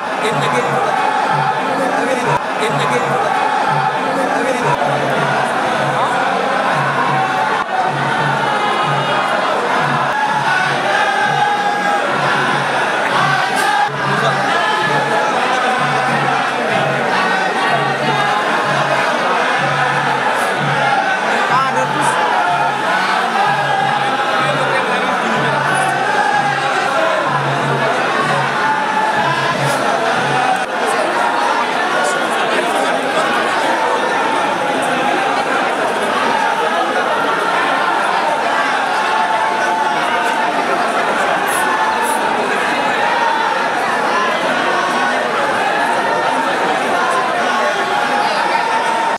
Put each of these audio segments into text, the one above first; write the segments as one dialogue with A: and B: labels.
A: Get the game. In t the game.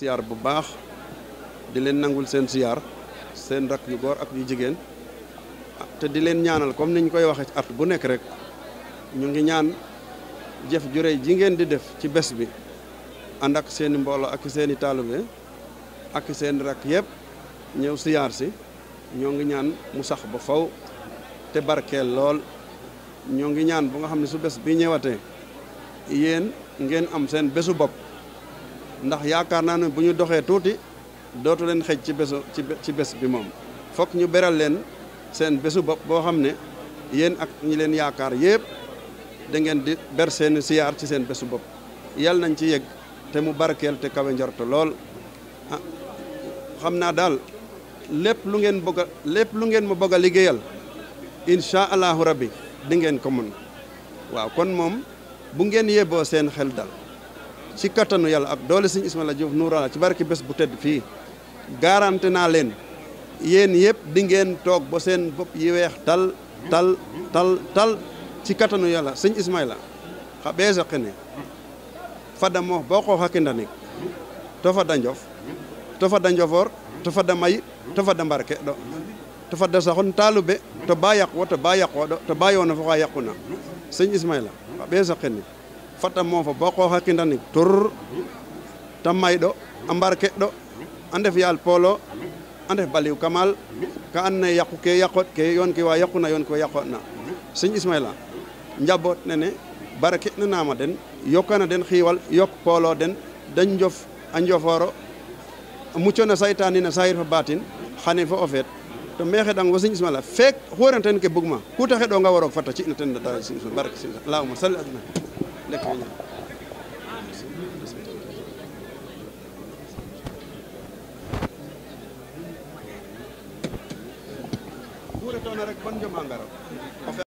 A: ziar bu baax di len nangul sen ziar sen rak yu gor ak yu jigen te di len ñaanal comme niñ koy waxe at bu nek rek ñu ngi ñaan jef ju ji ngeen di def ci bes bi andak sen mbolo ak sen talube ak sen rak yep, ñew ziar si ñu ngi ñaan mu sax ba faw te barkel lol ñu ngi ñaan bu nga xamni su bes bi ñewate yeen ngeen am sen besu bop ndax yaakaar naa ne bu ñu doxee tuuti dootu leen xëj ci bésu ci bés bi moom fokk ñu beral leen seen bopp boo xam ne ak ñi leen yaakaar yépp da ngeen di ber seen siyaar ci seen bésu bopp yal nañ ci yegg te mu barkeel te kawe njort lool ah xam naa daal lépp lu ngeen bëgg a lépp lu ngeen ma bëgg a liggéeyal incha allahu rabbi di ngeen ko mën waaw kon moom bu ngeen yeboo seen xel dal ci katanu yalla ak doole seigne Ismaila Diouf Nourala ci barki bes bu tedd fi garanti na len yeen yep di ngeen tok bo sen bop yi wex tal tal tal tal ci katanu yalla seigne Ismaila xa beza xene fada mo boko xoox a kindanik to fada njof to fada njofoor to fada may to fada mbarke saxon talube to bayaq to to bayo na fa yaquna seigne Ismaila xa beza xene fata moofa bo xooxa kindanik tur ta mayɗo a mbarkeɗo a ndef yaal poolo a ndef baliw kamal ka andoona yee yaqu ke yaqoot ke yoon ke wa na yoon ke wa yaqootna sëñ Ismaila njaboot nene barke na naama den yokkana den xiiwal yokk poolo den da njof a njofooro muccona saytaani na sayir fa baatin xane fo o feet to me xeɗang wo sëñ Ismaila feek xurana ten ke bugma ku ta xeɗonga waroog fata ci na ten barke barke lauma salli aduna lépp ah, rek ban